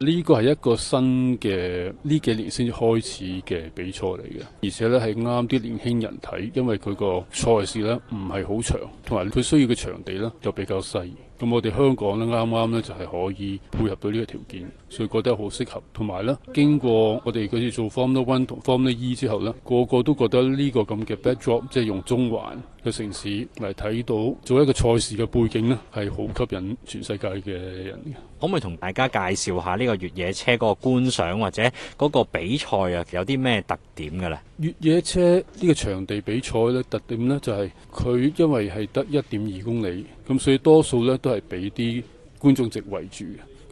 呢、這個係一個新嘅，呢幾年先開始嘅比賽嚟嘅，而且咧係啱啲年輕人睇，因為佢個賽事咧唔係好長，同埋佢需要嘅場地咧就比較細。咁我哋香港咧啱啱咧就係可以配合到呢個條件，所以覺得好適合。同埋咧，經過我哋嗰次做 Formula One 同 Formula E 之後咧，個個都覺得呢個咁嘅 Backdrop，即係用中環嘅城市嚟睇到做一個賽事嘅背景呢，係好吸引全世界嘅人的。可唔可以同大家介紹下呢個越野車嗰個觀賞或者嗰個比賽啊？有啲咩特點嘅咧？越野車呢個場地比賽咧，特點咧就係佢因為係得一點二公里。咁所以多數呢都係俾啲觀眾席圍住，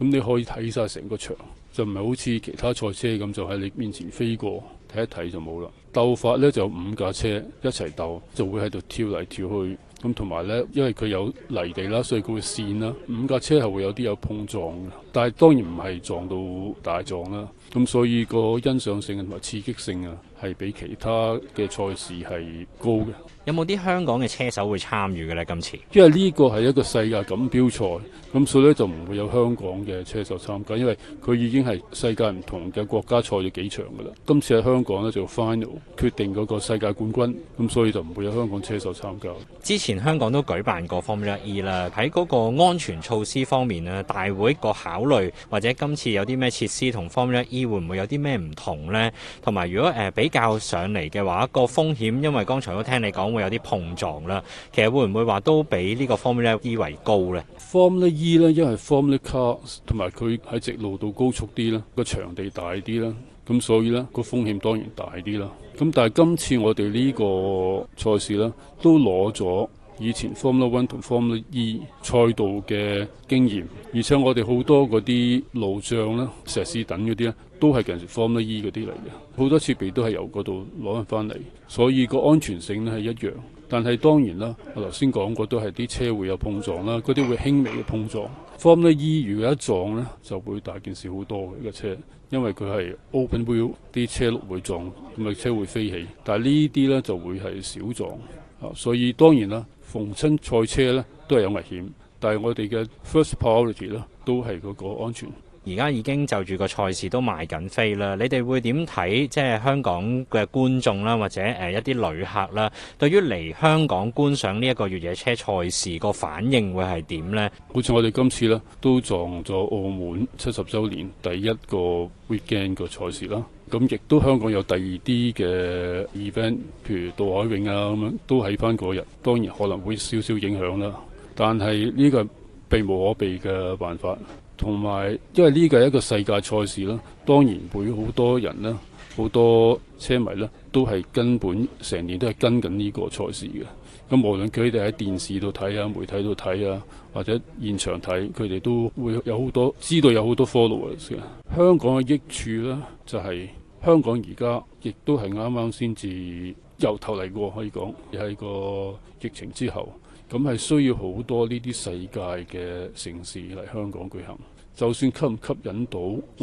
咁你可以睇晒成個場，就唔係好似其他賽車咁，就喺你面前飛過。睇一睇就冇啦，鬥法咧就五架車一齊鬥，就會喺度跳嚟跳去，咁同埋咧，因為佢有泥地啦，所以佢會跣啦。五架車係會有啲有碰撞嘅，但係當然唔係撞到大撞啦。咁所以個欣賞性同埋刺激性啊，係比其他嘅賽事係高嘅。有冇啲香港嘅車手會參與嘅咧？今次？因為呢個係一個世界錦標賽，咁所以咧就唔會有香港嘅車手參加，因為佢已經係世界唔同嘅國家賽咗幾場噶啦。今次係香港香港咧就 final 決定嗰個世界冠軍，咁所以就唔會有香港車手參加。之前香港都舉辦過 Formula E 啦，喺嗰個安全措施方面咧，大會個考慮或者今次有啲咩設施同 Formula E 會唔會有啲咩唔同咧？同埋如果誒比較上嚟嘅話個風險，因為剛才都聽你講會有啲碰撞啦，其實會唔會話都比呢個 Formula E 為高咧？Formula E 咧，因為 Formula Cars 同埋佢喺直路度高速啲啦，個場地大啲啦。咁所以呢個風險當然大啲啦。咁但係今次我哋呢個賽事呢，都攞咗以前 Formula One 同 Formula E 賽道嘅經驗，而且我哋好多嗰啲路障啦、石屎等嗰啲呢，都係近似 Formula E 嗰啲嚟嘅，好多設備都係由嗰度攞翻翻嚟，所以個安全性呢係一樣。但係當然啦，我頭先講過都係啲車會有碰撞啦，嗰啲會輕微嘅碰撞。Formula E 如果一撞呢就會大件事好多嘅、嗰個、車，因為佢係 open wheel，啲車碌會撞，咁、嗰、啊、個、車會飛起。但係呢啲呢就會係小撞，所以當然啦，逢親賽車呢都係有危險，但係我哋嘅 first priority 呢都係嗰個安全。而家已經就住個賽事都賣緊飛啦，你哋會點睇即係香港嘅觀眾啦，或者誒一啲旅客啦，對於嚟香港觀賞呢一個越野車賽事個反應會係點呢？好似我哋今次咧都撞咗澳門七十週年第一個 weekend 嘅賽事啦，咁亦都香港有第二啲嘅 event，譬如渡海泳啊咁樣都喺翻嗰日，當然可能會少少影響啦，但係呢個避無可避嘅辦法，同埋因為呢個係一個世界賽事啦，當然會好多人啦，好多車迷啦，都係根本成年都係跟緊呢個賽事嘅。咁無論佢哋喺電視度睇啊，媒體度睇啊，或者現場睇，佢哋都會有好多知道有好多 followers 嘅。香港嘅益處呢就係、是、香港而家亦都係啱啱先至由頭嚟過，可以講係個疫情之後。咁係需要好多呢啲世界嘅城市嚟香港舉行，就算吸唔吸引到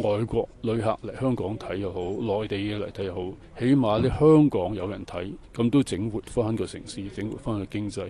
外國旅客嚟香港睇又好，內地嚟睇又好，起碼你香港有人睇，咁都整活返個城市，整活返個經濟。